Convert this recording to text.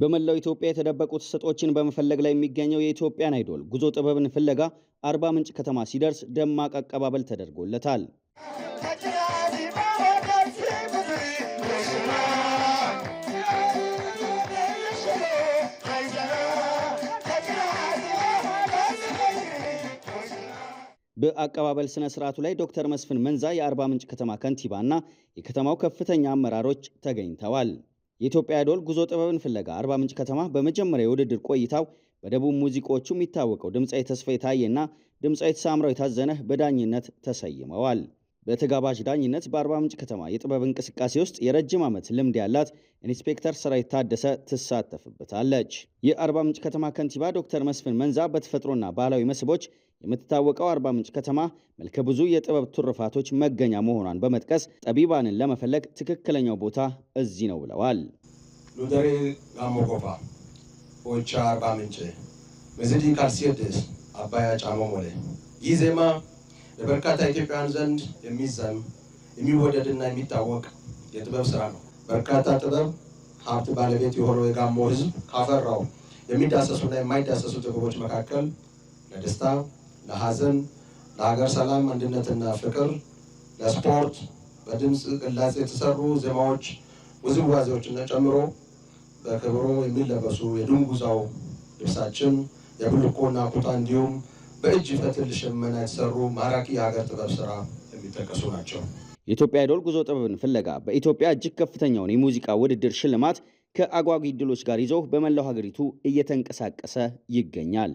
በመላው ኢትዮጵያ የተደበቁት ሰጦችን በመፈለግ ላይ የሚገኘው የኢትዮጵያን አይዶል ጉዞ ጥበብን ፍለጋ አርባ ምንጭ ከተማ ሲደርስ ደማቅ አቀባበል ተደርጎለታል። በአቀባበል ስነ ስርዓቱ ላይ ዶክተር መስፍን መንዛ የአርባ ምንጭ ከተማ ከንቲባ እና የከተማው ከፍተኛ አመራሮች ተገኝተዋል። የኢትዮጵያ አይዶል ጉዞ ጥበብን ፍለጋ አርባ ምንጭ ከተማ በመጀመሪያ የውድድር ቆይታው በደቡብ ሙዚቃዎቹ የሚታወቀው ድምፃዊ ተስፋዬ ታዬና ድምፃዊት ሳምራዊ የታዘነ በዳኝነት ተሰይመዋል። በተጋባዥ ዳኝነት በአርባ ምንጭ ከተማ የጥበብ እንቅስቃሴ ውስጥ የረጅም ዓመት ልምድ ያላት ኢንስፔክተር ሰራዊት ታደሰ ትሳተፍበታለች። የአርባ ምንጭ ከተማ ከንቲባ ዶክተር መስፍን መንዛ በተፈጥሮና ባህላዊ መስህቦች የምትታወቀው አርባ ምንጭ ከተማ መልከ ብዙ የጥበብ ትሩፋቶች መገኛ መሆኗን በመጥቀስ ጠቢባንን ለመፈለግ ትክክለኛው ቦታ እዚህ ነው ብለዋል። ሉተሬ ጋሞጎፋ ኦቻ አርባ ምንጭ መዝዲን ካልሲየድስ አባያ ጫሞሞሌ ይህ ዜማ ለበርካታ ኢትዮጵያውያን ዘንድ የሚዘም የሚወደድና የሚታወቅ የጥበብ ስራ ነው። በርካታ ጥበብ ሀብት ባለቤት የሆነው የጋሞ ህዝብ ካፈራው የሚዳሰሱና የማይዳሰሱ ጥበቦች መካከል ለደስታ ለሀዘን፣ ለሀገር ሰላም አንድነትና ፍቅር፣ ለስፖርት በድምፅ ቅላጽ የተሰሩ ዜማዎች ውዝዋዜዎችን ጨምሮ በክብሮ የሚለበሱ የድንጉዛው ልብሳችን የብልኮና ኩታ እንዲሁም በእጅ ፈትል ሽመና የተሰሩ ማራኪ የሀገር ጥበብ ስራ የሚጠቀሱ ናቸው። የኢትዮጵያ የደወል ጉዞ ጥበብን ፍለጋ በኢትዮጵያ እጅግ ከፍተኛውን የሙዚቃ ውድድር ሽልማት ከአጓጊ ድሎች ጋር ይዞ በመላው ሀገሪቱ እየተንቀሳቀሰ ይገኛል።